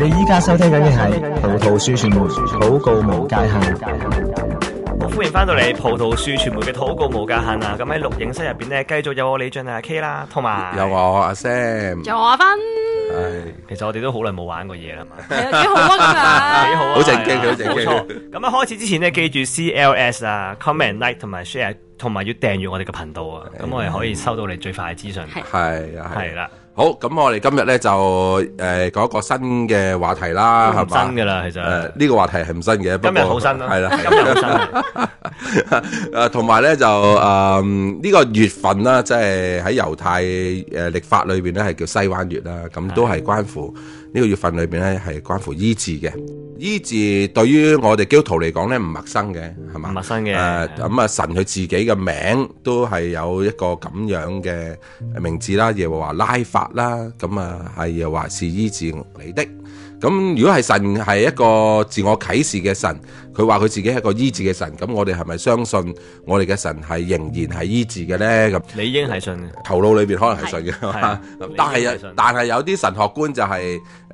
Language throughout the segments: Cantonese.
你依家收聽緊嘅係《葡萄樹傳媒禱告無界限》，好，歡迎翻到嚟《葡萄樹傳媒嘅禱告無界限》啊！咁喺錄影室入邊咧，繼續有我李俊阿 K 啦，同埋有我阿 Sam，有我阿 Ben。其實我哋都好耐冇玩過嘢啦嘛，幾好啊嘛，幾好啊！好正經，好正經。咁啊，開始之前咧，記住 CLS 啊，comment like 同埋 share，同埋要訂閱我哋嘅頻道啊，咁我哋可以收到你最快嘅資訊。係啊係啦。好，咁我哋今日咧就誒講、呃、一個新嘅話題啦，係咪、嗯、吧新嘅啦，其實呢、呃這個話題係唔新嘅，不過今日好新咯，係啦過，今日新。誒 同埋咧就誒呢、呃這個月份啦，即係喺猶太誒曆法裏邊咧係叫西灣月啦，咁都係關乎。呢個月份裏邊咧係關乎醫治嘅醫治，對於我哋基督徒嚟講咧唔陌生嘅係嘛？陌生嘅咁啊，神佢自己嘅名都係有一個咁樣嘅名字啦，耶和華拉法啦，咁啊係又話是醫治嚟的。咁如果係神係一個自我啟示嘅神，佢話佢自己係一個醫治嘅神，咁我哋係咪相信我哋嘅神係仍然係醫治嘅咧？咁你應係信嘅，頭腦裏邊可能係信嘅，但係是但係有啲神學觀就係、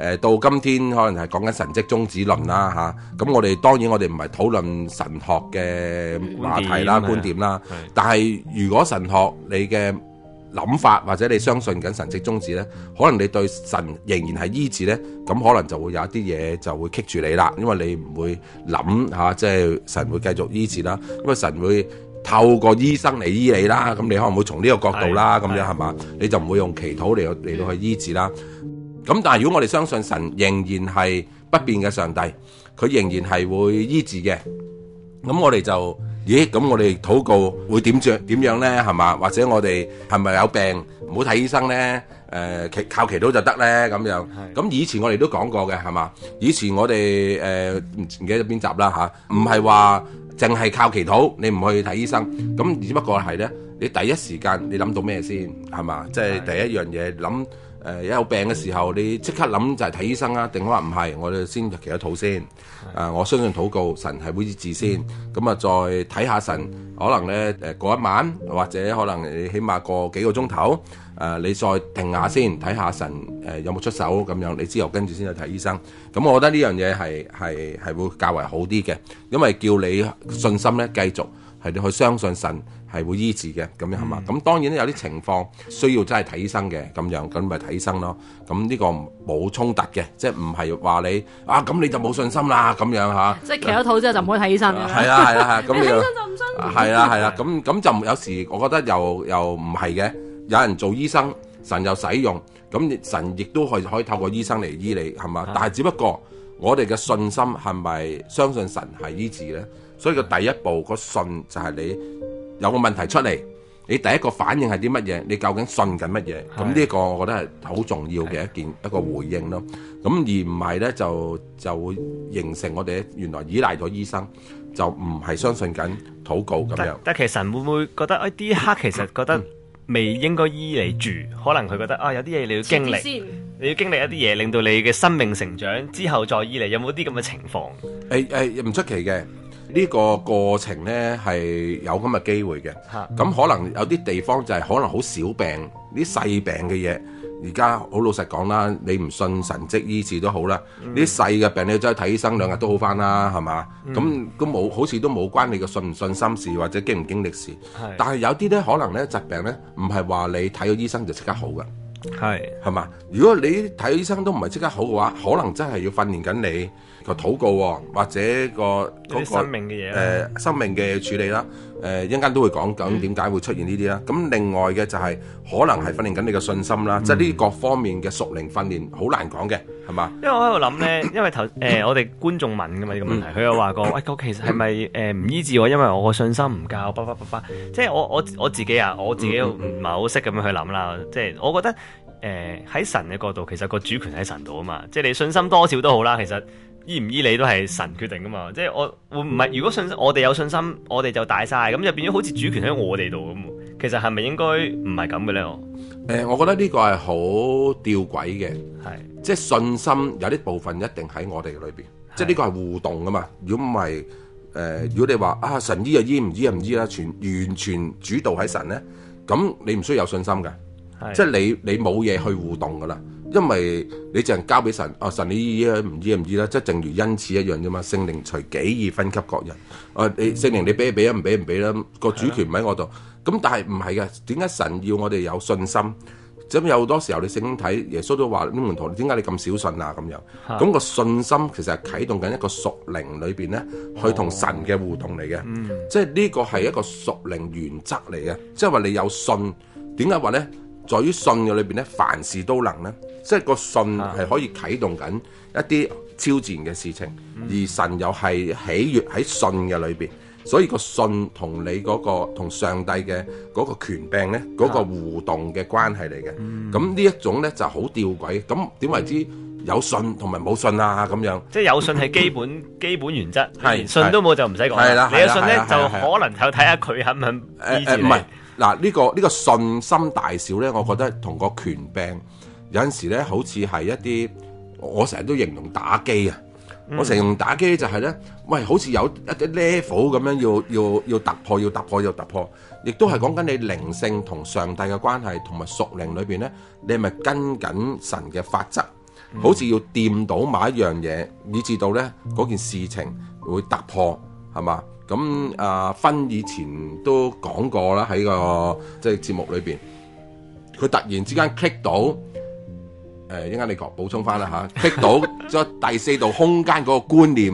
是、誒到今天可能係講緊神蹟終止論啦吓，咁、嗯啊、我哋當然我哋唔係討論神學嘅話題啦、觀點啦，點是但係如果神學你嘅。諗法或者你相信緊神蹟終止呢？可能你對神仍然係醫治呢，咁可能就會有一啲嘢就會棘住你啦，因為你唔會諗吓，即、啊、係、就係、神會繼續醫治啦。因為神會透過醫生嚟醫你啦，咁你可能會從呢個角度啦，咁樣係嘛？你，吧你就唔會用祈禱嚟到去醫治啦。咁但係如果我哋相信神仍然係不變嘅上帝，佢仍然係會醫治嘅，咁我哋就。咦，咁、哎、我哋禱告會點着點樣咧？係嘛，或者我哋係咪有病唔好睇醫生咧？誒、呃，祈靠祈禱就得咧咁樣。咁以前我哋都講過嘅係嘛？以前我哋誒唔記得邊集啦吓，唔係話淨係靠祈禱，你唔去睇醫生。咁只不過係咧，你第一時間你諗到咩先係嘛？即係、就是、第一樣嘢諗。的一、呃、有病嘅時候，你即刻諗就係睇醫生啊，定可話唔係，我哋先祈一禱先。誒、呃，我相信禱告，神係會醫治先。咁啊，再睇下神，可能咧誒過一晚，或者可能你起碼過幾個鐘頭，誒、呃、你再停下先，睇下神誒有冇出手咁樣。你之後跟住先去睇醫生。咁我覺得呢樣嘢係係係會較為好啲嘅，因為叫你信心咧繼續係你去相信神。係會醫治嘅咁樣係嘛？咁、嗯、當然咧，有啲情況需要真係睇醫生嘅咁樣，咁咪睇醫生咯。咁呢個冇衝突嘅，即係唔係話你啊咁你就冇信心啦咁樣吓，即係祈咗禱之後、嗯、就唔可以睇醫生。係啊係啊係啊咁樣。睇、啊、 醫生就唔信、啊。係啊係啊咁咁、啊啊、就有時我覺得又又唔係嘅，有人做醫生，神又使用咁，神亦都可以可以透過醫生嚟醫你係嘛？啊、但係只不過我哋嘅信心係咪相信神係醫治咧？所以個第一步個信就係你。有個問題出嚟，你第一個反應係啲乜嘢？你究竟信緊乜嘢？咁呢一個我覺得係好重要嘅一件的一個回應咯。咁而唔係咧就就會形成我哋原來依賴咗醫生，就唔係相信緊禱告咁樣，但。但其實會唔會覺得啊？啲、哎、刻其實覺得未應該醫你住，嗯、可能佢覺得啊，有啲嘢你要經歷，先你要經歷一啲嘢，令到你嘅生命成長之後再醫你，有冇啲咁嘅情況？誒誒唔出奇嘅。呢個過程呢係有咁嘅機會嘅，咁、嗯、可能有啲地方就係可能好小病，啲細病嘅嘢，而家好老實講啦，你唔信神蹟醫治都好啦，呢細嘅病你真係睇醫生兩日都好返啦，係嘛？咁、嗯、都冇，好似都冇關你嘅信唔信心事或者經唔經歷事，是但係有啲呢，可能呢疾病呢，唔係話你睇咗醫生就即刻好嘅，係係嘛？如果你睇醫生都唔係即刻好嘅話，可能真係要訓練緊你。個禱告喎，或者個嗰、那個誒生命嘅、啊呃、處理啦，誒一陣間都會講緊點解會出現呢啲啦。咁、嗯、另外嘅就係、是、可能係訓練緊你嘅信心啦，即係呢各方面嘅屬靈訓練好難講嘅，係嘛？因為、呃、我喺度諗咧，因為頭誒我哋觀眾問嘅嘛呢、這個問題，佢又話過喂佢、哎、其實係咪誒唔醫治我，因為我個信心唔夠，巴巴巴巴，即係我我我自己啊，我自己又唔係好識咁樣去諗啦。嗯嗯嗯即係我覺得誒喺、呃、神嘅角度，其實個主權喺神度啊嘛，即係你信心多少都好啦，其實。醫唔醫你都係神決定噶嘛，即係我唔係，如果信我哋有信心，我哋就大晒，咁就變咗好似主權喺我哋度咁。其實係咪應該唔係咁嘅咧？我誒、呃，我覺得呢個係好吊詭嘅，係是即係信心有啲部分一定喺我哋裏邊，是即係呢個係互動噶嘛。如果唔係誒，如果你話啊神醫就醫唔醫啊唔醫啦，全完全主導喺神咧，咁你唔需要有信心嘅，是即係你你冇嘢去互動噶啦。因為你淨係交俾神、啊，神你依家唔知唔知啦，即係正如恩賜一樣啫嘛，聖靈隨己意分給各人，聖、啊、你聖靈你俾就俾啦，唔俾唔俾啦，個主權唔喺我度。咁的但係唔係嘅，點解神要我哋有信心？咁有好多時候你聖經睇耶穌都話啲門徒，點解你咁小信啊？咁樣，咁的個信心其實係啟動緊一個屬靈裏邊咧，哦、去同神嘅互動嚟嘅，嗯、即係呢個係一個屬靈原則嚟嘅，即係話你有信，點解話咧？在於信嘅裏邊咧，凡事都能咧，即係個信係可以啟動緊一啲超自然嘅事情，而神又係喜悅喺信嘅裏邊，所以個信同你嗰個同上帝嘅嗰個權柄咧，嗰個互動嘅關係嚟嘅。咁呢一種咧就好吊詭。咁點為之有信同埋冇信啊？咁樣即係有信係基本基本原則，係連信都冇就唔使講。係啦，你有信咧就可能就睇下佢肯唔肯。誒誒，唔係。嗱，呢、這個呢、這個信心大小咧，我覺得同個權柄有陣時咧，好似係一啲我成日都形容打機啊，嗯、我成日用打機就係、是、咧，喂，好似有一啲 level 咁樣要要要突破，要突破，要突破，亦都係講緊你靈性同上帝嘅關係同埋屬靈裏邊咧，你係咪跟緊神嘅法則？好似要掂到某一樣嘢，以至到咧嗰件事情會突破，係嘛？咁啊，分以前都講過啦，喺、這個即係、就是、節目裏面，佢突然之間 click 到，誒、呃，一陣你講補充翻啦吓 click 到咗第四度空間嗰個觀念，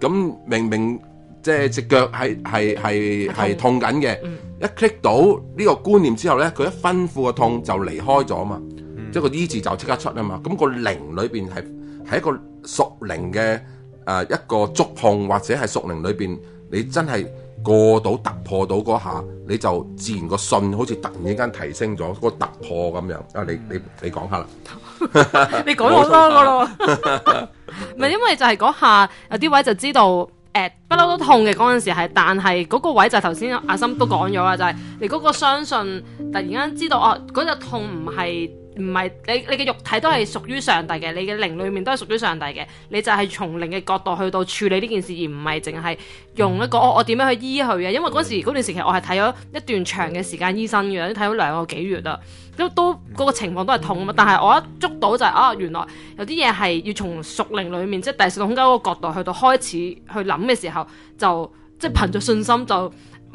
咁 明明即係隻腳係係係係痛緊嘅，痛一 click 到呢個觀念之後咧，佢一吩咐嘅痛就離開咗啊嘛， 即係個醫治就即刻出啊嘛，咁、那個靈裏面係係一個屬靈嘅誒一個觸控或者係屬靈裏面。你真係過到突破到嗰下，你就自然個信好似突然之間提升咗、嗰個突破咁樣。啊，你你你講下啦，你講我 多個咯。唔係 因為就係嗰下有啲位就知道，誒不嬲都痛嘅嗰陣時係，但係嗰個位就係頭先阿森都講咗啦，就係、是、你嗰個相信突然間知道哦，嗰、嗰、隻、個、痛唔係。唔係你你嘅肉體都係屬於上帝嘅，你嘅靈裏面都係屬於上帝嘅，你就係從靈嘅角度去到處理呢件事，而唔係淨係用一個、嗯哦、我我點樣去醫佢嘅。因為嗰時嗰、嗯、段時期我係睇咗一段長嘅時間醫生嘅，睇咗兩個幾月啦。都嗰、那個情況都係痛啊，但係我一捉到就係、是、啊，原來有啲嘢係要從屬靈裏面，即、就、係、是、第四種空間第四個空間嗰個角度去到開始去諗嘅時候，就即係憑着信心就。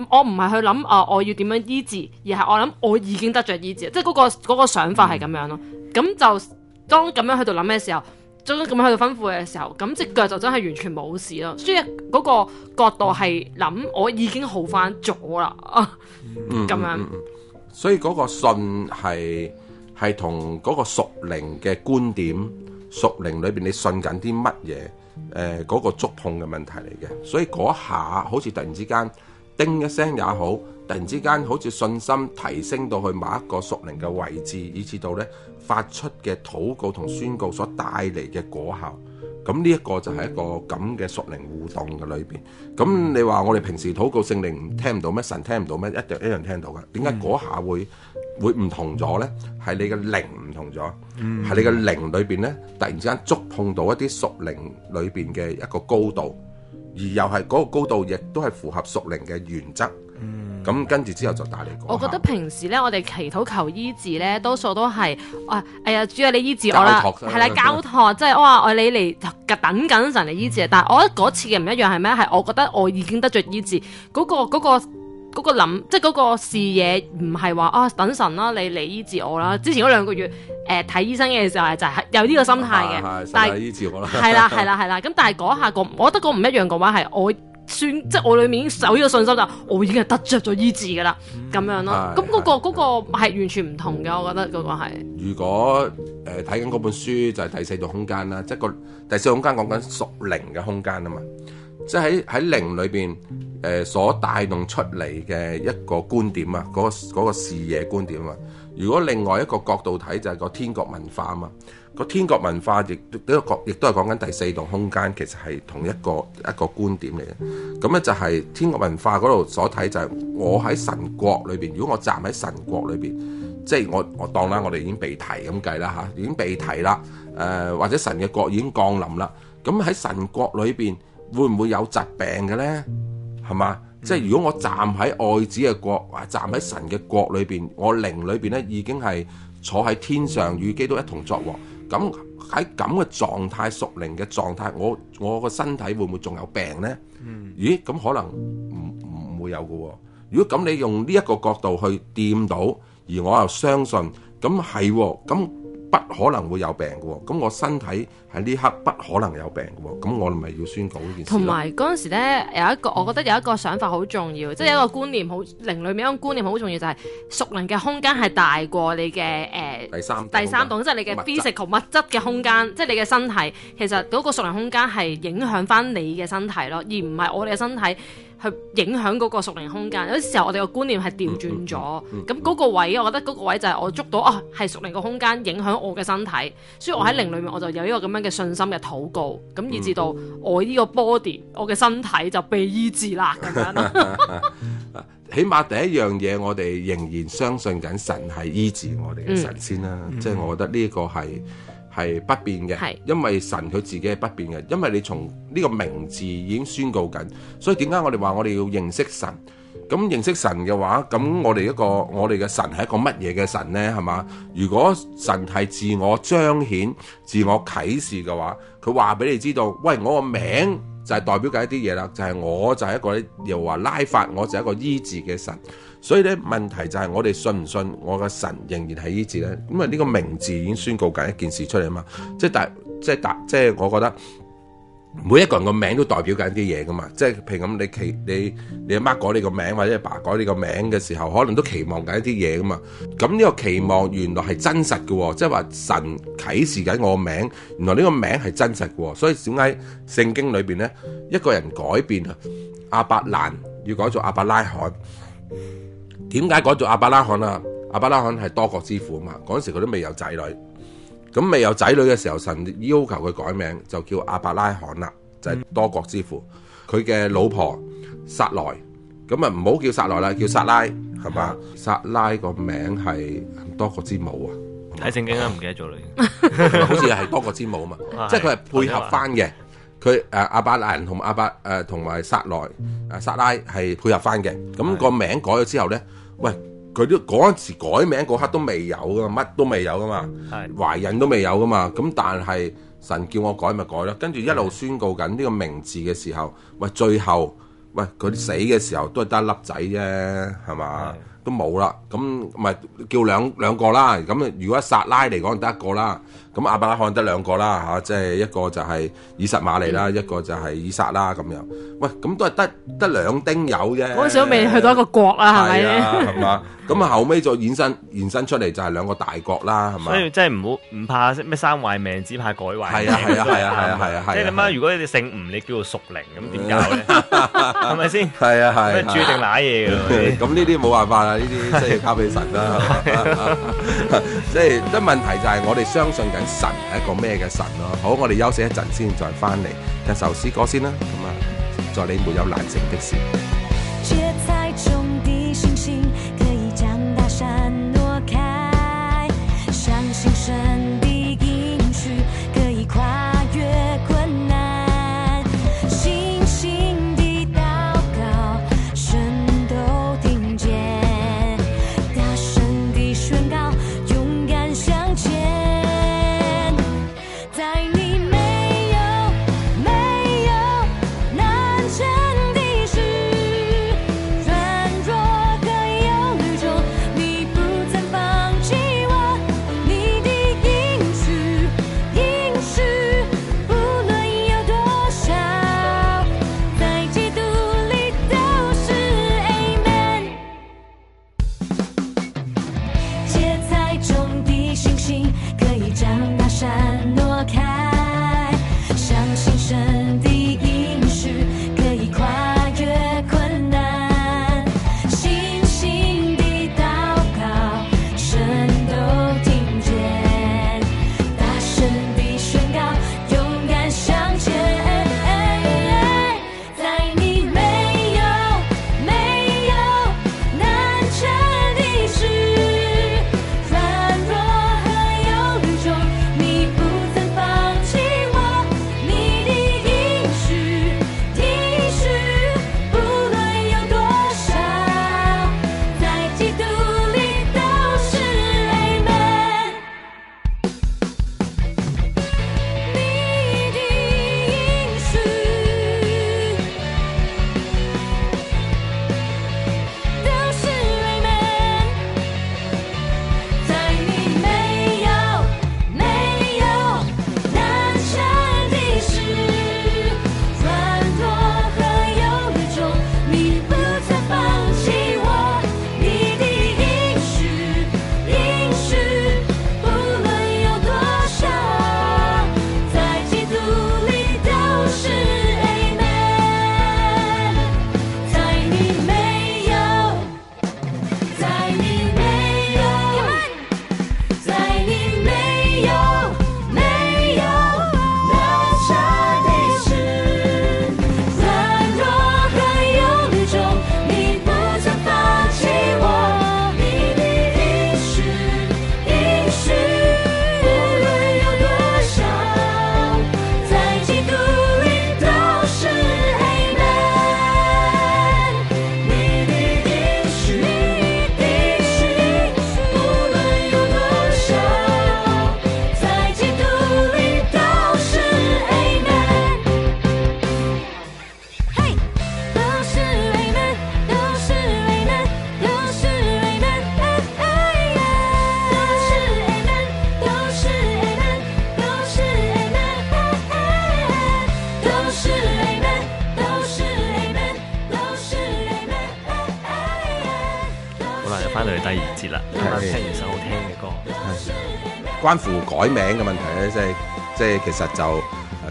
我唔係去諗啊、呃！我要點樣醫治，治，而係我諗我已經得着醫治，治，即係、那、嗰個、那個想法係咁樣咯。咁、嗯、就當咁樣喺度諗嘅時候，當咁樣喺度吩咐嘅時候，咁隻腳就真係完全冇事咯。所以嗰個角度係諗我已經好翻咗啦，咁、啊嗯、樣、嗯。所以嗰個信係係同嗰個屬靈嘅觀點，屬靈裏邊你信緊啲乜嘢？誒、呃，嗰、那個觸碰嘅問題嚟嘅。所以嗰下好似突然之間。叮一聲也好，突然之間好似信心提升到去某一個屬靈嘅位置，以至到呢，發出嘅禱告同宣告所帶嚟嘅果效。咁呢一個就係一個咁嘅屬靈互動嘅裏邊。咁你話我哋平時禱告，聖靈唔聽唔到咩？神聽唔到咩？一定一樣聽到㗎。點解嗰下會會唔同咗呢？係你嘅靈唔同咗，係你嘅靈裏邊呢，突然之間觸碰到一啲屬靈裏邊嘅一個高度。而又係嗰、那個高度，亦都係符合屬靈嘅原則。咁、嗯、跟住之後就打你講。我覺得平時咧，我哋祈禱求醫治咧，多數都係啊，哎呀主啊，你醫治我啦，係啦託，交託，即係我話我你嚟等緊神嚟醫治啊。但係我覺得嗰、嗯、次嘅唔一樣係咩？係我覺得我已經得著醫治嗰、那個、那個嗰個諗，即係嗰個視野，唔係話啊等神啦，你嚟醫治我啦。之前嗰兩個月，誒、呃、睇醫生嘅時候就係有呢個心態嘅。係、啊啊、是醫治我啦。係啦係啦係啦。咁但係講下 我覺得個唔一樣嘅話係，是我算即我裏面有呢個信心就，我已經係得着咗醫治噶啦，咁樣咯。咁嗰、嗯嗰個嗰的、嗰個係的完全唔同嘅，我覺得嗰個係。如果誒睇緊嗰本書就係、是、第四度空間啦，即個第四度空間講緊屬靈嘅空間啊嘛。即係喺靈裏邊，誒、呃、所帶動出嚟嘅一個觀點啊，嗰、那個嗰、那個、視野觀點啊。如果另外一個角度睇，就係、是、個天國文化啊嘛。那個天國文化亦呢個角，亦都係講緊第四棟空間，其實係同一個一個觀點嚟嘅。咁咧就係天國文化嗰度所睇，就係、是、我喺神國裏邊。如果我站喺神國裏邊，即係我我當啦，我哋已經被提咁計啦嚇，已經被提啦誒、呃，或者神嘅國已經降臨啦。咁喺神國裏邊。會唔會有疾病嘅咧？係嘛？即係如果我站喺愛子嘅國，站喺神嘅國裏邊，我靈裏邊咧已經係坐喺天上與基督一同作王。咁喺咁嘅狀態，屬靈嘅狀態，我我個身體會唔會仲有病咧？咦？咁可能唔唔會有㗎。如果咁，你用呢一個角度去掂到，而我又相信，咁係喎咁。不可能會有病嘅喎，咁我身體喺呢刻不可能有病嘅喎，咁我咪要宣告呢件事。同埋嗰陣時咧，有一個我覺得有一個想法好重要，嗯、即係有一個觀念好靈裡面一種觀念好重要，就係、是、屬靈嘅空間係大過你嘅誒、呃、第三第三棟，即係你嘅 physical 物質嘅空間，即係你嘅身體，其實嗰個屬靈空間係影響翻你嘅身體咯，而唔係我哋嘅身體。去影響嗰個屬靈空間，有啲時候我哋個觀念係調轉咗，咁嗰、嗯嗯嗯嗯、個位置，我覺得嗰個位置就係我捉到哦，係、啊、屬靈個空間影響我嘅身體，所以我喺靈裡面我就有呢個咁樣嘅信心嘅禱告，咁、嗯、以至到我呢個 body 我嘅身體就被醫治啦咁樣。啊， 起碼第一樣嘢，我哋仍然相信緊神係醫治我哋嘅神先啦，即係、嗯、我覺得呢一個係。係不變嘅，因為神佢自己係不變嘅。因為你從呢個名字已經宣告緊，所以點解我哋話我哋要認識神？咁認識神嘅話，咁我哋一個我哋嘅神係一個乜嘢嘅神呢？係嘛？如果神係自我彰顯、自我啟示嘅話，佢話俾你知道，喂，我個名就係代表緊一啲嘢啦，就係、是、我就係一個又話拉法，我就係一個醫治嘅神。所以咧，問題就係我哋信唔信我嘅神仍然係呢字咧？咁啊，呢個名字已經宣告緊一件事出嚟啊嘛，即係大，即係大，即係我覺得每一個人個名都代表緊啲嘢噶嘛。即係譬如咁，你期你你阿媽改你個名，或者阿爸改你個名嘅時候，可能都期望緊一啲嘢噶嘛。咁呢個期望原來係真實嘅，即係話神啟示緊我個名，原來呢個名係真實嘅。所以點解聖經裏面咧，一個人改變啊，阿伯蘭要改做阿伯拉罕。點解改做阿伯拉罕啊？阿伯拉罕係多國之父啊嘛，嗰陣時佢都未有仔女，咁未有仔女嘅時候，神要求佢改名，就叫阿伯拉罕啦，就係、是、多國之父。佢嘅、嗯、老婆撒萊，咁啊唔好叫撒萊啦，叫撒拉係嘛？撒、嗯、撒拉個名係多國之母啊？睇聖經啊，唔記得咗啦，好似係多國之母啊嘛， 即係佢係配合翻嘅。佢誒阿巴蘭同阿巴誒同埋撒萊誒撒拉係配合翻嘅，咁個名改咗之後咧，喂，佢都嗰陣時改名嗰刻都未有噶，乜都未有噶嘛，懷孕都未有噶嘛，咁但係神叫我改咪改咯，跟住一路宣告緊呢個名字嘅時候，喂，最後喂佢死嘅時候都係得一粒仔啫，係嘛？都冇啦，咁咪叫兩兩個啦，咁啊如果撒拉嚟講就得一個啦。咁阿伯拉罕得兩個啦嚇，即係一個就係以實瑪利啦，一個就係以撒啦咁樣。喂，咁都係得得兩丁友啫。嗰時都未去到一個國啦，係咪？啊，係嘛。咁啊後尾再延伸延伸出嚟就係兩個大國啦，係嘛。所以真係唔好唔怕咩生壞命，只怕改壞。係啊係啊係啊係啊係啊！即係你諗下，如果你哋姓吳，你叫做屬靈咁點搞咧？係咪先？係啊係啊。咩註定瀨嘢嘅？咁呢啲冇辦法啦，呢啲真係交俾神啦。即係即係問題就係我哋相信緊。神係一個咩嘅神咯？好，我哋休息一陣先，再翻嚟聽首詩歌先啦。咁啊，在你沒有難成的事。關乎改名嘅問題咧，即係即係其實就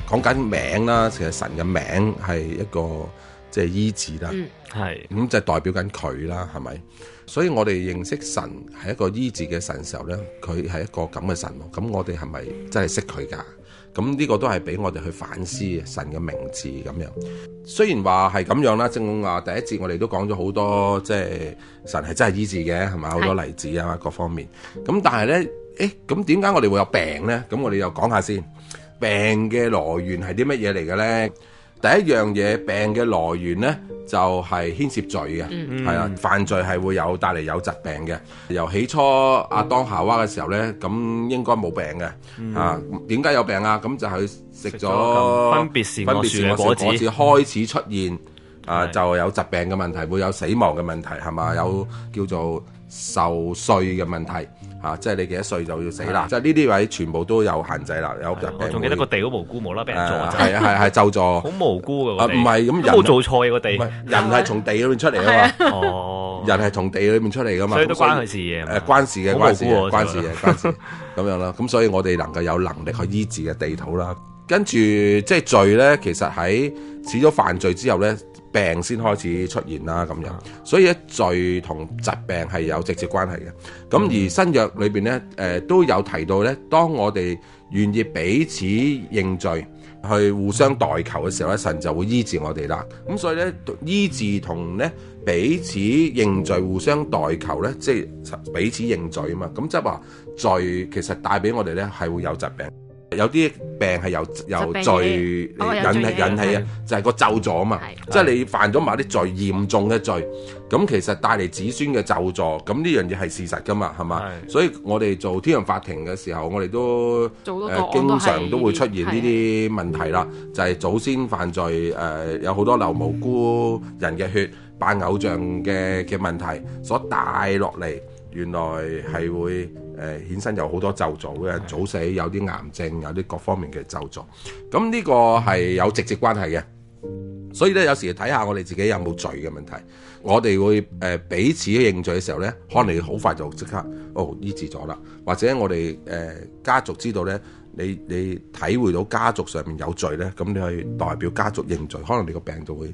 講緊、啊、名啦。其實神嘅名係一個即係、就是、醫治啦，係咁、嗯嗯、就是、代表緊佢啦，係咪？所以我哋認識神係一個醫治嘅神的時候咧，佢係一個咁嘅神咯。咁我哋係咪真係識佢噶？咁呢個都係俾我哋去反思神嘅名字咁樣。雖然話係咁樣啦，正話第一節我哋都講咗好多，即、就、係、是、神係真係醫治嘅，係咪？好是多例子啊，各方面。咁但係咧。誒咁點解我哋會有病咧？咁我哋又講下先，病嘅來源係啲乜嘢嚟嘅咧？第一樣嘢，病嘅來源咧就係、是、牽涉罪嘅，嗯嗯、啊，犯罪係會有帶嚟有疾病嘅。由起初阿、嗯、當夏娃嘅時候咧，咁應該冇病嘅、嗯、啊，點解有病啊？咁就係食咗分別是分別是樹嘅果子開始出現、嗯、啊，對 就有疾病嘅問題，會有死亡嘅問題，係嘛？有叫做受稅嘅問題。啊！即係你幾多歲就要死啦！即係呢啲位全部都有限制啦，有疾病。我仲記得個地好無辜，無啦啦，俾人係啊係係咒詛。好無辜㗎啊，唔係咁人，冇做錯嘅個地。人係從地裏面出嚟啊嘛。哦。人係從地裏面出嚟噶嘛。所以都關佢事嘅。誒關事嘅關事嘅關事嘅關事。咁樣啦，咁所以我哋能夠有能力去醫治嘅地土啦。跟住即係罪咧，其實喺始咗犯罪之後咧。病先開始出現啦，咁樣，所以罪同疾病係有直接關係嘅。咁而新約裏面咧，呃，都有提到咧，當我哋願意彼此認罪，去互相代求嘅時候咧，神就會醫治我哋啦。咁所以咧，醫治同咧彼此認罪、互相代求咧，即係彼此認罪啊嘛。咁即係話罪其實帶俾我哋咧係會有疾病。有啲病係由由罪引起引起、哦、罪引起啊，是的就係個咒詛啊嘛，是的即係你犯咗某啲罪，的嚴重嘅罪，咁其實帶嚟子孫嘅咒詛，咁呢樣嘢係事實㗎嘛，係嘛？是的所以我哋做天人法庭嘅時候，我哋都誒經常都會出現呢啲問題啦，是的就係祖先犯罪、呃、有好多流無辜人嘅血，拜偶像嘅嘅問題，所帶落嚟。原來係會誒衍生有好多症狀嘅，早死有啲癌症，有啲各方面嘅症狀，咁呢個係有直接關係嘅。所以咧，有時睇下我哋自己有冇罪嘅問題，我哋會誒、呃、彼此認罪嘅時候咧，可能你好快就即刻哦醫治咗啦。或者我哋誒、呃、家族知道咧，你你體會到家族上面有罪咧，咁你去代表家族認罪，可能你個病就會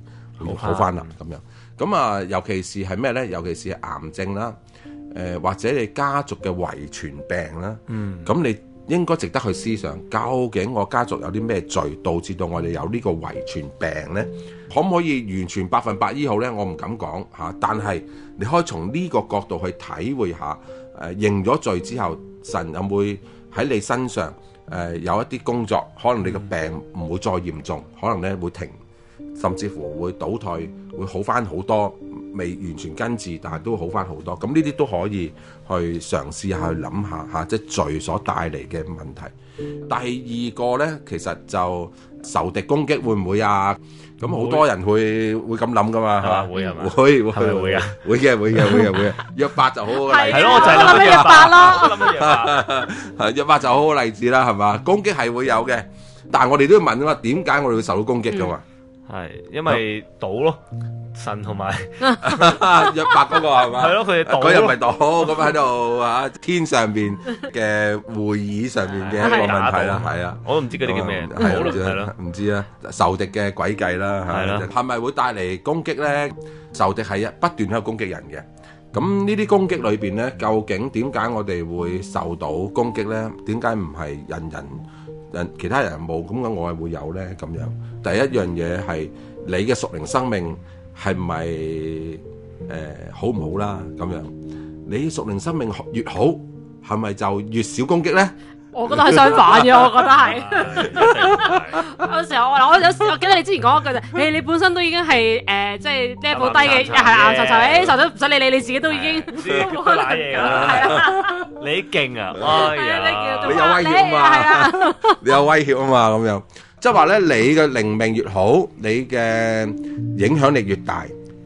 好翻啦咁樣。咁啊、呃，尤其是係咩咧？尤其是，是癌症啦。誒、呃、或者你家族嘅遺傳病啦，咁、嗯、你應該值得去思想，究竟我家族有啲咩罪導致到我哋有呢個遺傳病呢？可唔可以完全百分百醫好呢？我唔敢講吓、啊、但係你可以從呢個角度去體會下誒、呃、認咗罪之後，神有冇喺你身上、呃、有一啲工作，可能你嘅病唔會再嚴重，嗯、可能咧會停。甚至乎會倒退，會好翻好多，未完全根治，但係都會好翻好多。咁呢啲都可以去嘗試下去諗下嚇，即係罪所帶嚟嘅問題。第二個咧，其實就仇敵攻擊會唔會啊？咁好多人會會咁諗噶嘛嚇？會係嘛？會會會啊！會嘅會嘅會嘅會嘅，約伯就好好例子咯，我就諗緊約伯咯。係約伯就好好例子啦，係嘛？攻擊係會有嘅，但係我哋都要問啊嘛點解我哋會受到攻擊噶嘛？係，因為賭咯，神同埋約伯嗰個係嘛？係咯，佢哋賭又唔係賭，咁喺度吓天上邊嘅會議上面嘅一個問題啦，係啊，我都唔知嗰啲叫咩，係咯係咯，唔知啊，仇敵嘅詭計啦，係啦，係咪會帶嚟攻擊咧？仇敵係一不斷喺度攻擊人嘅，咁呢啲攻擊裏邊咧，究竟點解我哋會受到攻擊咧？點解唔係人人？人其他人冇咁嘅，我係會有咧咁樣。第一樣嘢係你嘅屬靈生命係咪誒好唔好啦？咁樣你屬靈生命越好，係咪就越少攻擊咧？我覺得係相反嘅，我覺得係。有時我嗱，我有時我記得你之前講一句就係：你你本身都已經係誒，即係 level 低嘅，係啦，臭臭誒，臭到唔使理你，你自己都已經。唔知做啲咩嘢㗎？你勁啊！你有威脅啊嘛！你有威脅啊嘛！咁樣，即係話咧，你嘅靈命越好，你嘅影響力越大，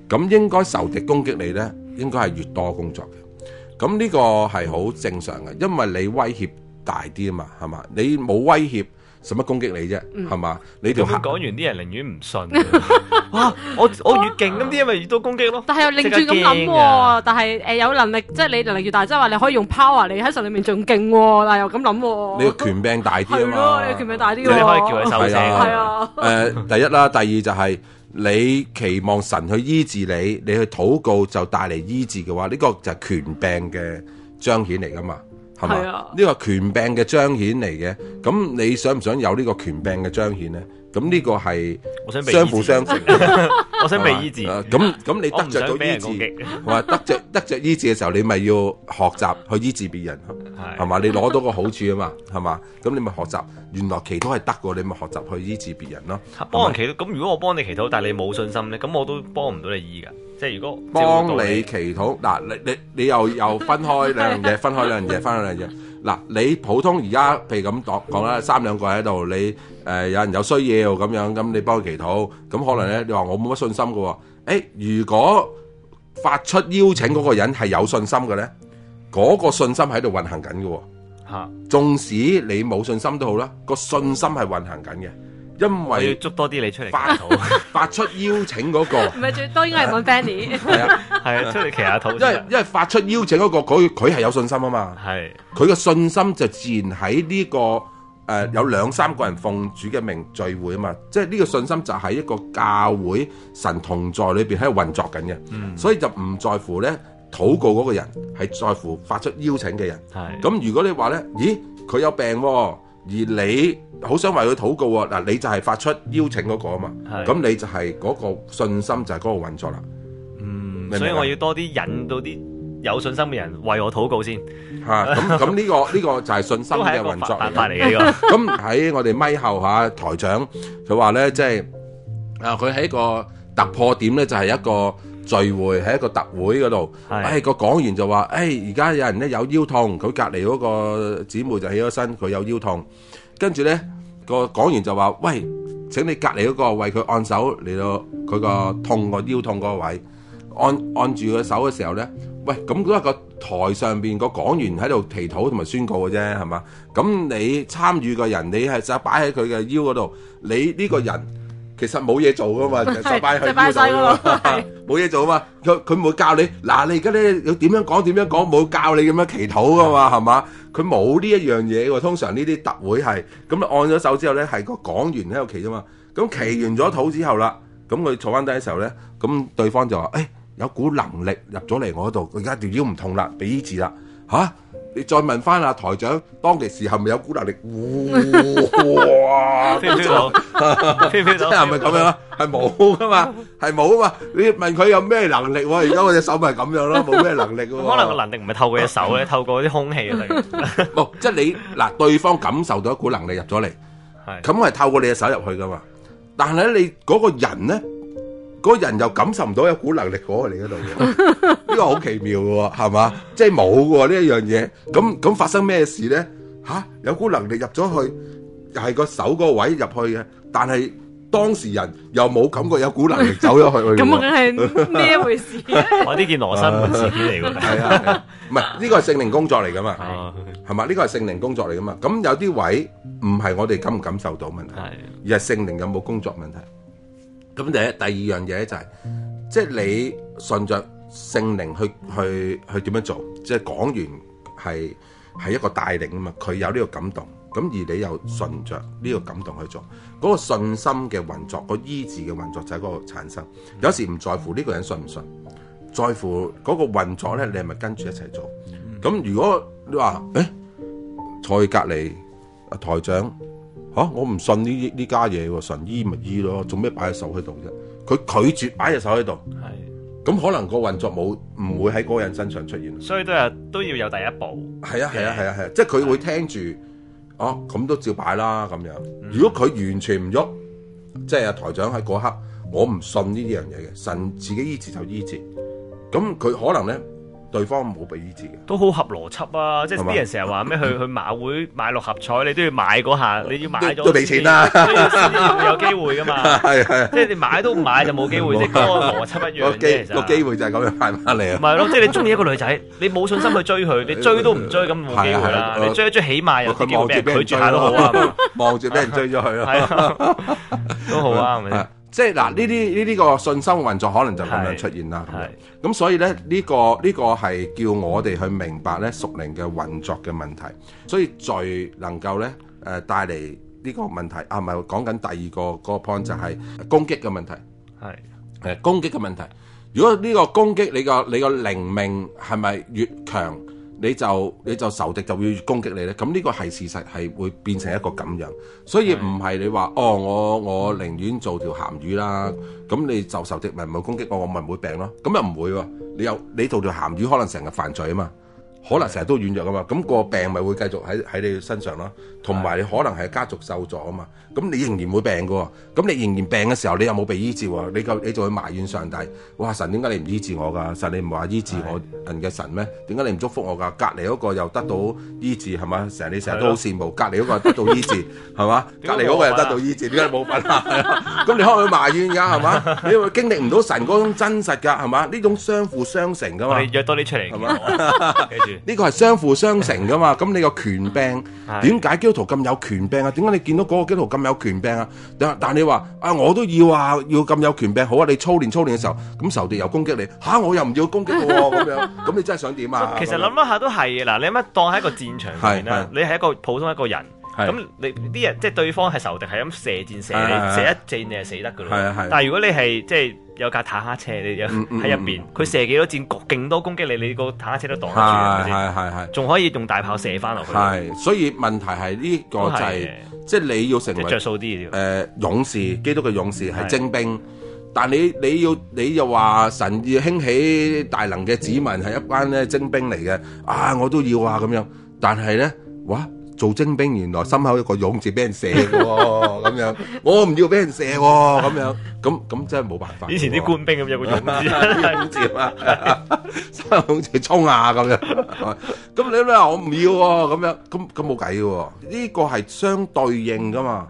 咁應該受敵攻擊你咧，應該係越多工作嘅。咁呢個係好正常嘅，因為你威脅大啲啊嘛，係嘛？你冇威脅。使乜攻擊你啫？係嘛？你條客講完啲人寧願唔信。哇！我我越勁咁啲，咪越多攻擊咯。但係又轉咁諗，但係誒有能力，即係你能力越大，即係話你可以用 power，你喺神裏面仲勁，但係又咁諗。你個權柄大啲啊嘛！係咯，你權柄大啲。你可以叫佢收聲。係啊，誒，第一啦，第二就係你期望神去醫治你，你去禱告就帶嚟醫治嘅話，呢個就係權柄嘅彰顯嚟㗎嘛。係是啊這是，呢個權柄嘅彰顯嚟嘅。咁你想唔想有呢個權柄嘅彰顯咧？咁呢個係相輔相成的，我想被醫治吧。咁咁 你得着到醫治，話得着得着醫治嘅時候，你咪要學習去醫治別人，係嘛是、啊？你攞到一個好處啊嘛，係嘛？咁你咪學習，原來祈禱係得過，你咪學習去醫治別人咯。幫人祈禱，咁吧如果我幫你祈禱，但係你冇信心咧，咁我都幫唔到你醫噶。即係如果幫你祈禱嗱，你你你又又分開兩樣嘢，分開兩樣嘢，分開兩樣嘢。嗱，你普通而家譬如咁講講啦，三兩個喺度，你誒有人有需要咁樣，咁你幫佢祈禱，咁可能咧，你話我冇乜信心嘅喎。誒，如果發出邀請嗰個人係有信心嘅咧，嗰個信心喺度運行緊嘅。嚇，縱使你冇信心都好啦，個信心係運行緊嘅。因為捉多啲你出嚟，發發出邀請嗰個唔係最多應該係講 Fanny 係啊係啊，出去騎下土，因為因為發出邀請、嗰個佢佢係有信心啊嘛，係，佢嘅信心就自然喺呢、這個誒、呃、有兩三個人奉主嘅名聚會啊嘛，即係呢個信心就係一個教會神同在裏邊喺度運作緊嘅，所以就唔在乎咧禱告嗰個人係在乎發出邀請嘅人，係，咁如果你話咧，咦佢有病。而你好想為佢禱告喎，嗱，你就係發出邀請嗰個啊嘛，咁的你就係嗰個信心就係嗰個運作啦。嗯，所以我要多啲引到啲有信心嘅人為我禱告先。咁咁呢個呢 個就係信心嘅運作嚟嘅。咁喺 我哋咪後下，台長，佢話咧即係，啊佢喺個突破點咧就係一個。聚會喺一個特會嗰度，誒個講員就話：誒而家有人咧有腰痛，佢隔離嗰個姊妹就起咗身，佢有腰痛。跟住咧個講員就話：喂，請你隔離嗰個為佢按手嚟到佢個痛個腰痛個位，按按住佢手嘅時候咧，喂，咁都係個台上邊個講員喺度祈禱同埋宣告嘅啫，係嘛？咁你參與嘅人，你係就擺喺佢嘅腰嗰度，你呢個人。其實冇嘢做噶嘛，拜拜係冇嘢做冇嘢做啊嘛，佢佢唔會教你嗱、啊，你而家咧點樣講點樣講，冇教你咁樣祈禱噶嘛，係嘛是的？佢冇呢一樣嘢喎，通常呢啲特會係咁、嗯、按咗手之後咧，係個講員喺度祈啫嘛，咁、嗯、祈完咗禱之後啦，咁佢坐翻低嘅時候咧，咁對方就話：誒、哎、有股能力入咗嚟我度，佢而家條腰唔痛啦，俾醫治啦。啊！你再問翻阿台長，當其時係咪有股能力？哇！聽唔聽到？聽唔聽到？真係咪咁樣？係冇噶嘛，係冇噶嘛？你問佢有咩能力？而家我隻手咪咁樣咯，冇咩能力。可能個能力唔係透過隻手咧，透過啲空氣嚟。唔，即係你嗱，對方感受到一股能力入咗嚟，係咁係透過你隻手入去噶嘛？但係咧，你嗰個人咧？個人又感受唔到有股能力過嚟嗰度，呢個好奇妙嘅喎，係嘛？即係冇嘅喎呢一樣嘢。咁咁發生咩事咧？嚇，有股能力入咗去，又係個手個位入去嘅，但係當事人又冇感覺有股能力走咗去。咁啊係咩回事？我呢件羅生門事件嚟㗎。係啊，唔係呢個係聖靈工作嚟㗎嘛？係嘛？呢個係聖靈工作嚟㗎嘛？咁有啲位唔係我哋感唔感受到問題，而係聖靈有冇工作問題。咁第第二樣嘢就係、是，即係你順着聖靈去去去點樣做，即係講完係係一個帶領啊嘛，佢有呢個感動，咁而你又順着呢個感動去做，嗰、嗰個信心嘅運作，嗰個醫治嘅運作就喺嗰度產生。有時唔在乎呢個人信唔信，在乎嗰個運作咧，你係咪跟住一齊做？咁如果你話誒，去、欸、隔離台長。吓、啊，我唔信呢呢家嘢喎、啊，神醫咪醫咯，做咩擺隻手喺度啫？佢拒絕擺隻手喺度，咁係可能個運作冇唔會喺嗰個人身上出現。所以都係都要有第一步。係啊係啊係啊係啊，即係佢會聽住，哦咁都照擺啦咁樣。嗯、如果佢完全唔喐，即係台長喺嗰刻，我唔信呢啲樣嘢嘅，神自己醫治就醫治，咁佢可能咧。對方冇俾啲自己，都好合邏輯啊！即係啲人成日話咩去去馬會買六合彩，你都要買嗰下，你要買咗都俾錢啦，有機會噶嘛？係係，即係你買都唔買就冇機會，即係嗰個邏輯一樣啫。其實個機會就係咁樣派馬嚟啊！唔係咯，即係你中意一個女仔，你冇信心去追佢，你追都唔追咁冇機會啦。你追一追起碼有俾人拒絕下都好啊，望住俾人追咗佢啊，都好啊。即係嗱，呢啲呢啲個信心運作可能就咁樣出現啦。咁咁所以咧，呢個呢個係叫我哋去明白咧，屬靈嘅運作嘅問題。所以罪能夠咧，誒帶嚟呢個問題。啊，唔係講緊第二個個 point 就係攻擊嘅問題。是攻擊嘅問題。如果呢個攻擊你個你個靈命係咪越強？你就你就仇敵就會攻擊你咧，咁呢個係事實係會變成一個咁樣，所以唔係你話哦，我我寧願做條鹹魚啦，咁你就仇敵咪唔會攻擊我，我咪唔會病咯，咁又唔會喎，你又你做條鹹魚可能成日犯罪啊嘛，可能成日都軟弱啊嘛，咁個病咪會繼續喺喺你身上咯，同埋你可能係家族受咗啊嘛。咁你仍然會病嘅，咁你仍然病嘅時候，你又冇被醫治？你就你就去埋怨上帝。哇！神點解你唔醫治我㗎？神你唔話醫治我人嘅神咩？點解你唔祝福我㗎？隔離嗰個又得到醫治係嘛？成日你成日都好羨慕隔離嗰個得到醫治係嘛？隔離嗰個又得到醫治，點解你冇？咁你可以去埋怨㗎係嘛？你會經歷唔到神嗰種真實㗎係嘛？呢種相輔相成㗎嘛。你約多啲出嚟係嘛？記住呢個係相輔相成㗎嘛。咁你個權柄，點解基督徒咁有權柄啊？點解你見到嗰個基督徒咁？有權柄啊！但但你話啊，我都要啊，要咁有權柄好啊！你操練操練嘅時候，咁、嗯、仇敵又攻擊你，吓、啊、我又唔要攻擊嘅、啊，咁 樣咁你真係想點啊？其實諗一下都係，嗱， 你乜當喺一個戰場係 你係一個普通一個人。咁你啲人即係對方係仇敵，係咁射箭射你，射一箭你係死得噶喇。但係如果你係即係有架坦克車你喺入邊，佢射幾多箭，攻勁多攻擊你，你個坦克車都擋得住。係係係仲可以用大炮射翻落去。係，所以問題係呢個就係，即係你要成為着數啲，誒，勇士，基督嘅勇士係精兵，但你你要你又話神要興起大能嘅子民係一班咧精兵嚟嘅，啊，我都要啊咁樣，但係咧，哇！做精兵，原來心口一個勇字俾人射嘅。咁樣我唔要俾人射，咁樣咁咁真係冇辦法。以前啲官兵咁樣，個勇字，個勇字啊，三勇字衝啊，咁樣。咁你你話我唔要，咁樣咁咁冇計嘅。呢個係相對應噶嘛，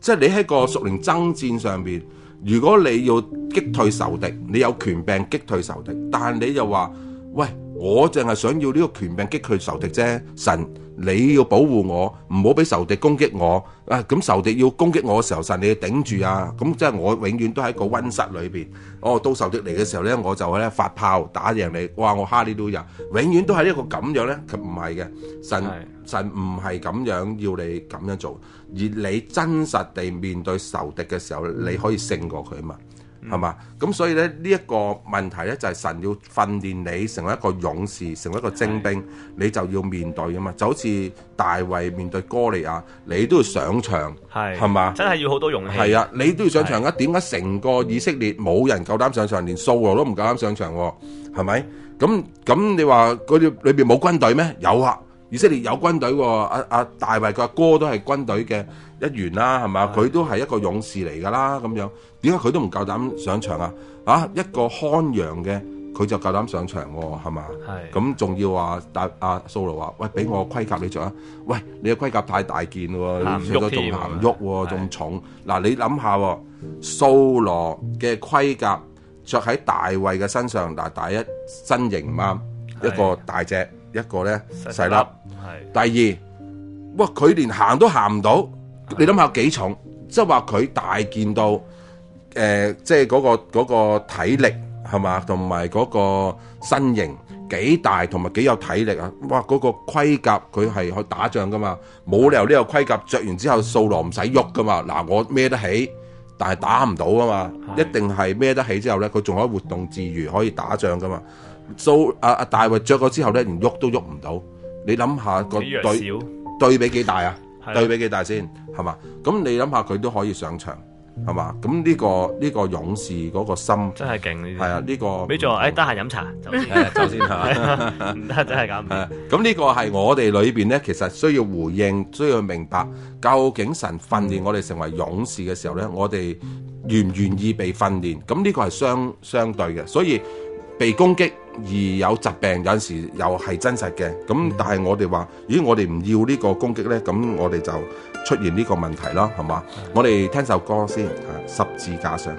即係你喺個屬靈爭戰上邊，如果你要擊退仇敵，你有權柄擊退仇敵，但你又話喂，我淨係想要呢個權柄擊退仇敵啫，神。你要保護我，唔好俾仇敵攻擊我。啊，咁仇敵要攻擊我嘅時候，神你要頂住啊！咁即係我永遠都喺個溫室裏面。哦，到仇敵嚟嘅時候咧，我就咧發炮打贏你。哇，我哈利路亞，永遠都係一、這個咁樣咧。佢唔係嘅，神神唔係咁樣要你咁樣做，而你真實地面對仇敵嘅時候，你可以勝過佢啊嘛。係嘛？咁所以咧，呢一個問題咧，就係神要訓練你成為一個勇士，成為一個精兵，你就要面對噶嘛。就好似大衛面對哥利亞，你都要上場，係嘛？真係要好多勇氣。係啊，你都要上場啊？點解成個以色列冇人夠膽上場，連掃羅都唔夠膽上場喎？係咪？咁咁，你話佢哋裏邊冇軍隊咩？有啊，以色列有軍隊喎。阿阿大衛佢阿哥都係軍隊嘅。一員啦、啊，係嘛？佢是都係一個勇士嚟㗎啦，咁樣點解佢都唔夠膽上場啊？啊，一個看羊嘅佢就夠膽上場喎、啊，係嘛？係咁是，仲要話大阿掃羅話喂，畀我盔甲你着啊？嗯、喂，你嘅盔甲太大件喎，著咗仲難喐喎，仲、啊、是重嗱是、啊。你諗下、啊，掃羅嘅盔甲着喺大衛嘅身上嗱，第一，身形唔啱，是一個大隻，一個咧細粒，係粒是第二，哇！佢連行都行唔到。你諗下幾重？即係話佢大件到，誒、呃，即係嗰、那個嗰、那個、體力係嘛，同埋嗰個身形幾大，同埋幾有體力啊！哇，嗰、那個盔甲佢係去打仗㗎嘛，冇理由呢個盔甲着完之後，掃羅唔使喐㗎嘛。嗱，我孭得起，但係打唔到㗎嘛，是的 一定係孭得起之後咧，佢仲可以活動自如，可以打仗㗎嘛。掃阿阿大衛着咗之後咧，連喐都喐唔到。你諗下個對對比幾大啊？ 對比幾大先係嘛？咁你諗下佢都可以上場係嘛？咁呢個呢個勇士嗰個心真係勁，係啊呢些個。你仲誒，得閒飲茶就先，走先吓，唔得真係搞唔掂。咁呢個係我哋裏邊咧，其實需要回應，需要明白究竟神訓練我哋成為勇士嘅時候咧，我哋願唔願意被訓練？咁呢個係相相對嘅，所以被攻擊。而有疾病有陣時又係真實嘅，咁但係我哋話，如果我哋唔要呢個攻擊呢，咁我哋就出現呢個問題啦，係嘛？的我哋聽首歌先，十字架上。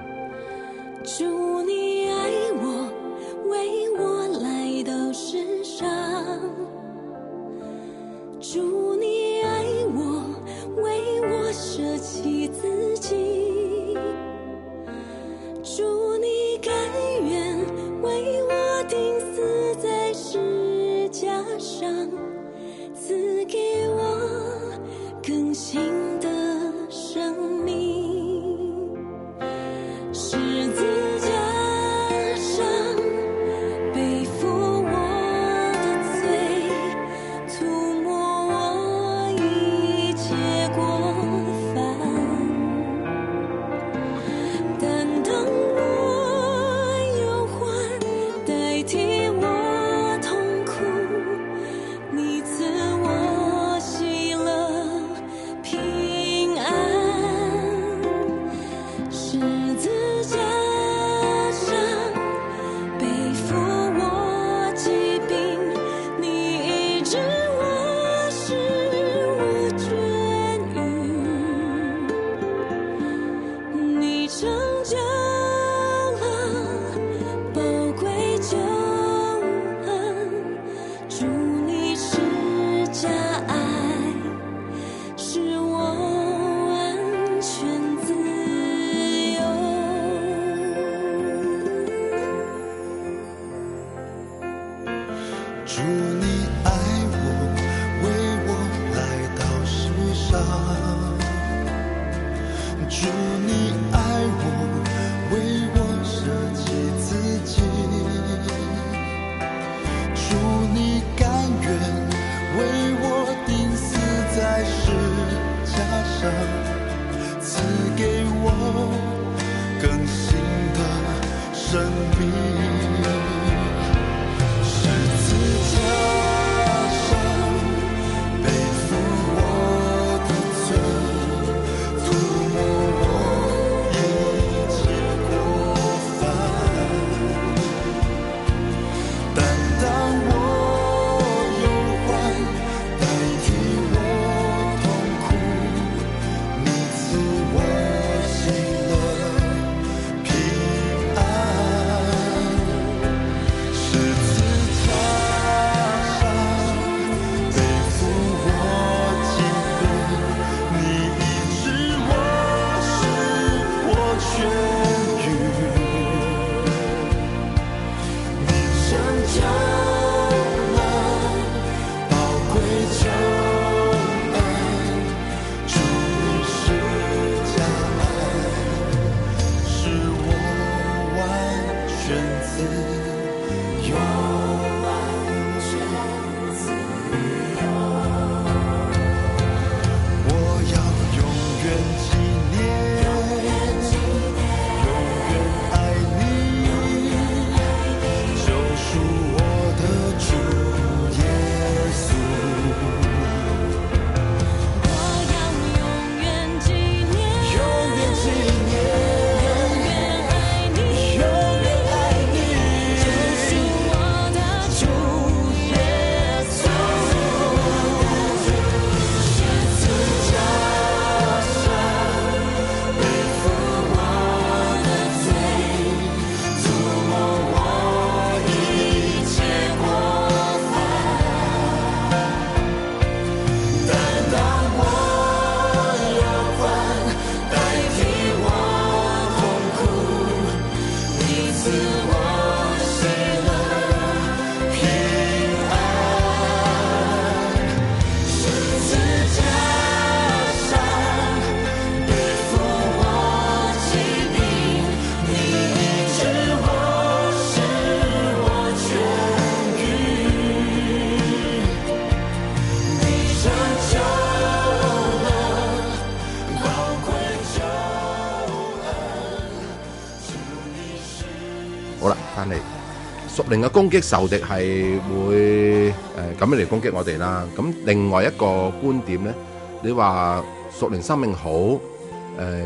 嘅攻擊受敵係會誒咁樣嚟攻擊我哋啦。咁另外一個觀點咧，你話屬靈生命好誒，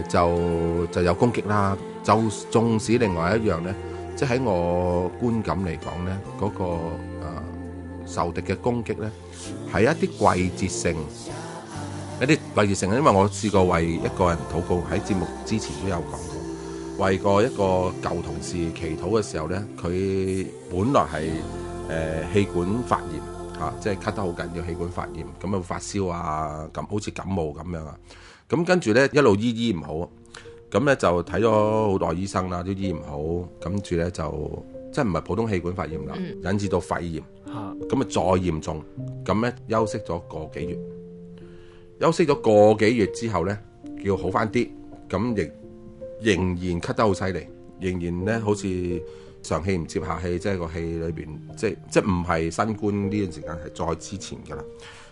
就就有攻擊啦。就縱使另外一樣咧，即係喺我觀感嚟講咧，嗰個誒受敵嘅攻擊咧，係一啲季節性，一啲季節性。因為我試過為一個人禱告，喺節目之前都有講。為過一個舊同事祈禱嘅時候咧，佢本來係誒氣管發炎吓，即係咳得好緊要氣管發炎，咁啊發，會發燒啊感好似感冒咁樣啊，咁跟住咧一路醫醫唔好，咁、啊、咧就睇咗好多醫生啦，都醫唔好，跟住咧就即係唔係普通氣管發炎啦，引致到肺炎吓，咁啊，啊再嚴重，咁、啊、咧休息咗個幾月，休息咗個幾月之後咧，叫好翻啲，咁、啊、亦。仍然咳得好犀利，仍然咧好似上氣唔接下氣，即係個氣裏邊，即係即係唔係新冠呢段時間係再之前噶啦。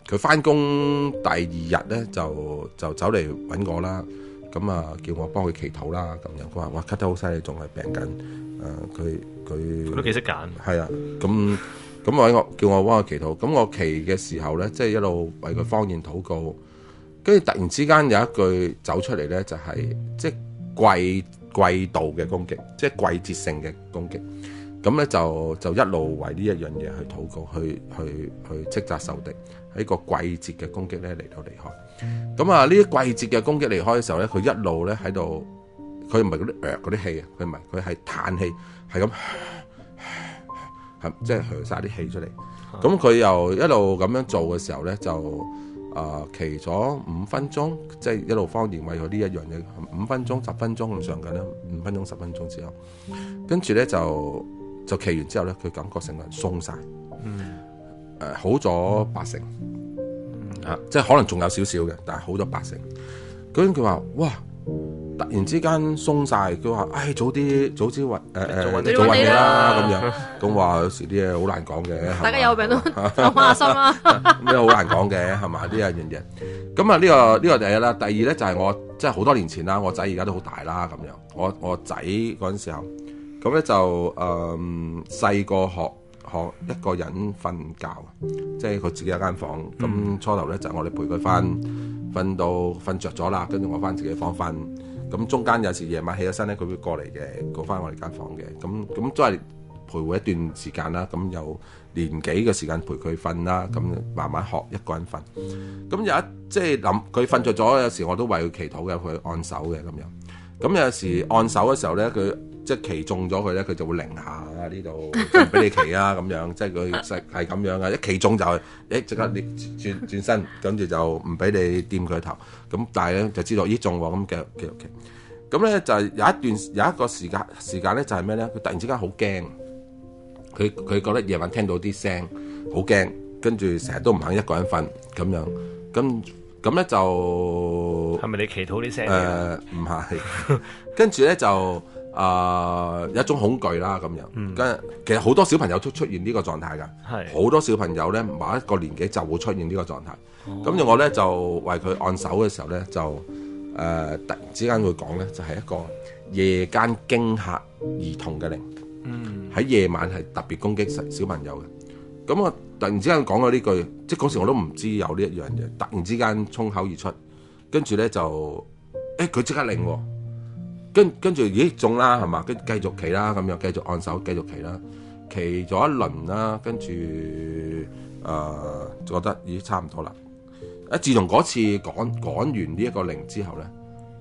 佢翻工第二日咧，就就走嚟揾我啦。咁啊，叫我幫佢祈禱啦。咁樣佢話：哇，咳得好犀利，仲係病緊。誒、呃，佢佢都幾識揀係啊。咁咁我喺我叫我幫佢祈禱。咁我祈嘅時候咧，即係一路為佢方言禱告，跟住、嗯、突然之間有一句走出嚟咧，就係即季季度嘅攻擊，即係季節性嘅攻擊，咁咧就就一路為呢一樣嘢去禱告，去去去斥責受敵喺個季節嘅攻擊咧嚟到離開，咁啊呢啲季節嘅攻擊離開嘅時候咧，佢一路咧喺度，佢唔係嗰啲呃嗰啲氣，佢唔係佢係嘆氣，係咁係即係嘆晒啲氣出嚟，咁佢又一路咁樣做嘅時候咧就。啊，騎咗、呃、五分鐘，即係一路放電，為咗呢一樣嘢，五分鐘、十分鐘咁上下啦。五分鐘、十分鐘之後，跟住咧就就騎完之後咧，佢感覺成個人鬆晒。誒、嗯呃、好咗八成、嗯、啊！即係可能仲有少少嘅，但係好咗八成。咁佢話：，哇！突然之間鬆晒，佢話：，唉、哎，早啲早啲運，誒誒、呃、早運啦咁樣。咁話有時啲嘢好難講嘅。大家有病都放心啦。咩好難講嘅係嘛？這個這個、呢嘢啲嘢。咁啊，呢個呢個第一啦，第二咧就係我即係好多年前啦，我仔而家都好大啦咁樣。我我仔嗰陣時候，咁咧就誒細個學學一個人瞓覺，即係佢自己一間房。咁、嗯、初頭咧就係、我哋陪佢瞓，瞓到瞓着咗啦，跟住我翻自己房瞓。咁中間有時夜晚起咗身咧，佢會過嚟嘅，過翻我哋間房嘅。咁咁都係陪護一段時間啦。咁有年幾嘅時間陪佢瞓啦。咁慢慢學一個人瞓。咁有一即係諗佢瞓着咗，有時我都為佢祈禱嘅，佢按手嘅咁樣。咁有時按手嘅時候咧，佢。即係騎中咗佢咧，佢就會零下呢度，唔俾你騎啊咁樣。 即係佢係係咁樣啊！一騎中就，誒即刻轉轉身，跟住就唔俾你掂佢頭。咁但係咧就知道咦，中喎，咁騎騎騎。咁咧就有一段有一個時間時間咧就係咩咧？佢突然之間好驚，佢佢覺得夜晚聽到啲聲，好驚，跟住成日都唔肯一個人瞓咁樣。咁咁咧就係咪你祈禱啲聲？誒唔係， 跟住咧就。啊，有、呃、種恐懼啦，咁樣，跟、嗯、其實好多小朋友都出現呢個狀態嘅，好是多小朋友咧，某一個年紀就會出現呢個狀態。咁、哦、我咧就為佢按手嘅時候咧，就誒、呃、突然之間會講咧，就係、是、一個夜間驚嚇兒童嘅靈，喺、嗯、夜晚係特別攻擊小朋友嘅。咁我突然之間講咗呢句，即嗰時我都唔知有呢一樣嘢，突然之間衝口而出，跟住咧就誒佢即刻靈喎、啊。嗯跟跟住，咦中啦係嘛？跟住繼續企啦，咁又繼續按手繼續企啦，企咗一輪啦，跟住誒、呃、覺得咦差唔多啦。一自從嗰次趕趕完呢一個靈之後咧，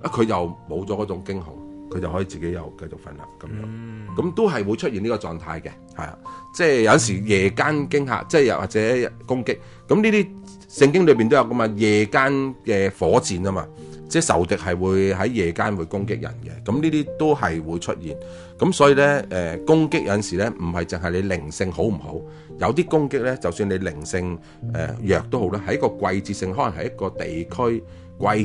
一佢又冇咗嗰種驚恐，佢就可以自己又繼續瞓啦。咁樣，咁、mm. 都係會出現呢個狀態嘅，係啊，即係有時夜間驚嚇，即係又或者攻擊。咁呢啲聖經裏邊都有噶嘛，夜間嘅火箭啊嘛。即仇敵係會喺夜間會攻擊人嘅，咁呢啲都係會出現。咁所以呢，誒、呃、攻擊有陣時呢唔係淨係你靈性好唔好，有啲攻擊呢就算你靈性誒、呃、弱都好咧，係一個季節性可能係一個地區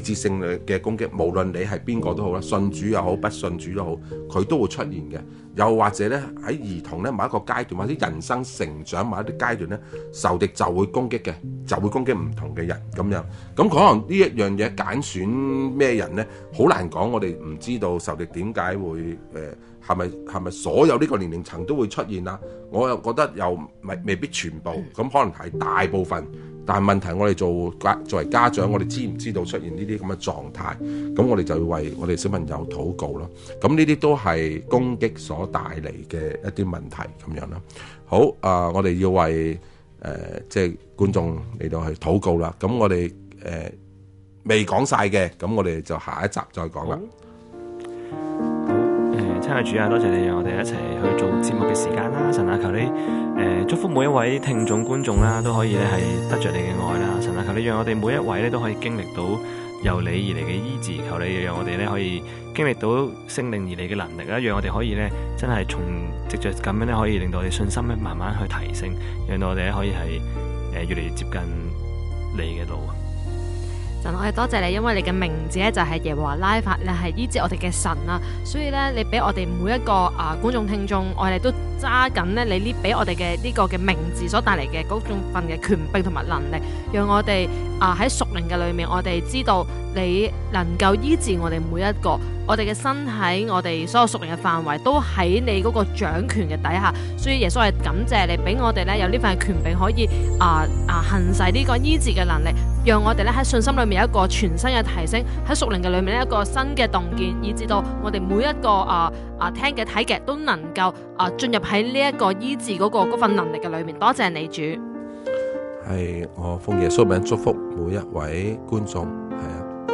季節性嘅攻擊，無論你係邊個都好啦，信主又好，不信主都好，佢都會出現嘅。又或者咧喺兒童咧某一個階段，或者人生成長某一啲階段咧，仇敵就會攻擊嘅，就會攻擊唔同嘅人咁樣。咁可能呢一樣嘢揀選咩人咧，好難講。我哋唔知道仇敵點解會、呃係咪，係咪所有呢個年齡層都會出現啊？我又覺得又未未必全部，咁可能係大部分。但係問題我做，我哋做作為家長，我哋知唔知道出現呢啲咁嘅狀態？咁我哋就要為我哋小朋友禱告咯。咁呢啲都係攻擊所帶嚟嘅一啲問題咁樣啦。好啊、呃，我哋要為誒即係觀眾嚟到去禱告啦。咁我哋誒未講晒嘅，咁、呃、我哋就下一集再講啦。親愛的主啊，多謝，謝你讓我哋一齊去做節目嘅時間啦！神、啊、求你誒、呃、祝福每一位聽眾觀眾啦，都可以咧係得着你嘅愛啦！神、啊、求你讓我哋每一位咧都可以經歷到由你而嚟嘅醫治，求你讓我哋咧可以經歷到聖靈而嚟嘅能力啦，讓我哋可以咧真係從藉著咁樣咧可以令到我哋信心咧慢慢去提升，令到我哋咧可以係誒、呃、越嚟越接近你嘅路。我哋多謝，謝你，因為你嘅名字呢就係耶和華拉法，你係醫治我哋嘅神啊，所以呢，你畀我哋每一個啊、呃、觀眾聽眾，我哋都。揸緊咧，你呢俾我哋嘅呢個嘅名字所帶嚟嘅嗰種份嘅權柄同埋能力，讓我哋啊喺屬靈嘅裏面，我哋知道你能夠醫治我哋每一個，我哋嘅身體喺我哋所有屬靈嘅範圍都喺你嗰個掌權嘅底下，所以耶穌係感謝你俾我哋呢，有呢份權柄可以啊啊、呃呃、行使呢個醫治嘅能力，讓我哋咧喺信心裏面有一個全新嘅提升，喺屬靈嘅裏面有一個新嘅洞見，以至到我哋每一個啊。呃啊，聽嘅睇嘅都能夠啊，進入喺呢一個醫治嗰、那個份能力嘅裏面。多謝你主，係我奉耶穌名祝福每一位觀眾，係啊，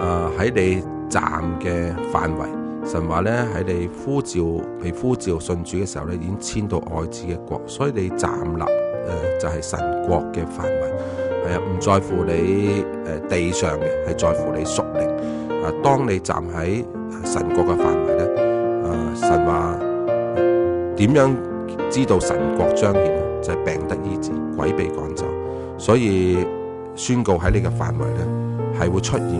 誒、啊、喺你站嘅範圍，神話咧喺你呼召被呼召信主嘅時候咧，你已經遷到愛子嘅國，所以你站立誒、啊、就係、是、神國嘅範圍，係啊，唔在乎你誒地上嘅，係在乎你屬靈。啊。當你站喺神國嘅範圍。神話點樣知道神國彰顯？就係、是、病得醫治，鬼被趕走。所以宣告喺呢個範圍咧，係會出現誒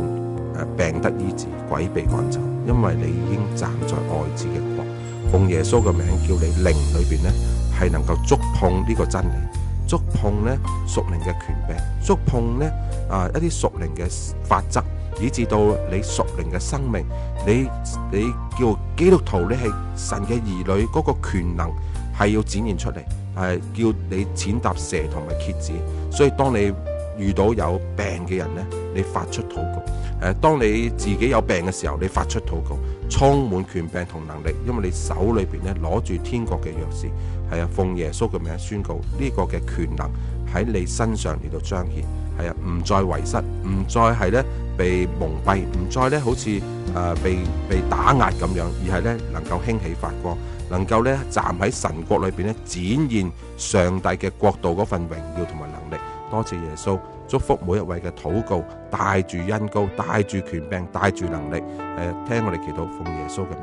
病得醫治，鬼被趕走。因為你已經站在愛子嘅國，奉耶穌嘅名叫你靈裏邊咧，係能夠觸碰呢個真理，觸碰咧屬靈嘅權柄，觸碰咧啊、呃、一啲屬靈嘅法則，以至到你屬靈嘅生命，你你叫。基督徒咧係神嘅兒女，嗰、那個權能係要展現出嚟，係叫你踐踏蛇同埋蠍子。所以當你遇到有病嘅人咧，你發出禱告；誒，當你自己有病嘅時候，你發出禱告，充滿權柄同能力，因為你手裏邊咧攞住天國嘅鑰匙。係啊，奉耶穌嘅名宣告呢、這個嘅權能喺你身上嚟到彰顯。係啊，唔再遺失，唔再係咧。被蒙蔽，唔再咧好似誒、呃、被被打壓咁樣，而係咧能夠興起發光，能夠咧站喺神國裏邊咧展現上帝嘅國度嗰份榮耀同埋能力。多謝耶穌，祝福每一位嘅禱告，帶住恩膏，帶住權柄，帶住能力。誒、呃，聽我哋祈禱，奉耶穌嘅名。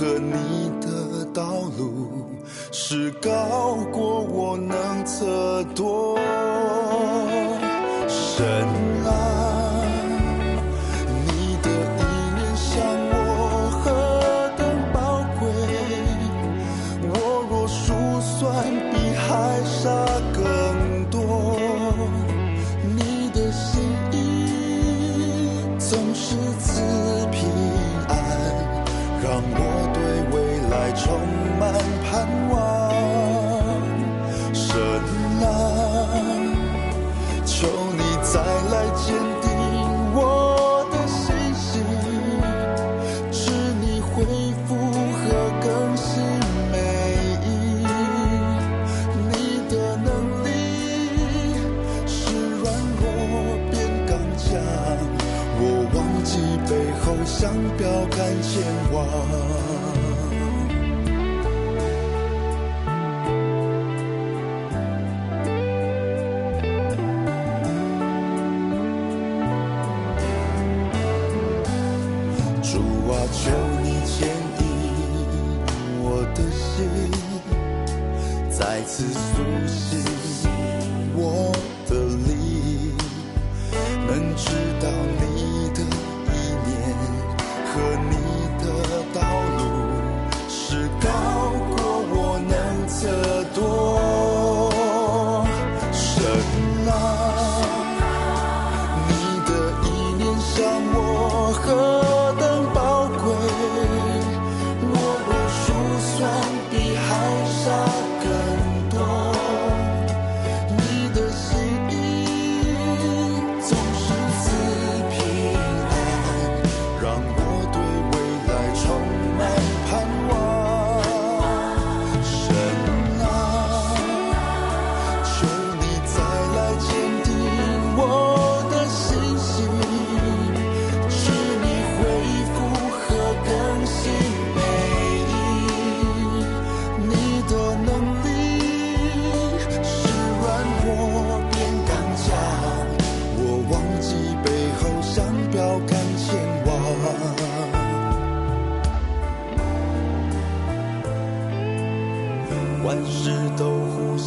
和你的道路是高過我能測度。再次蘇醒，我的靈 能知。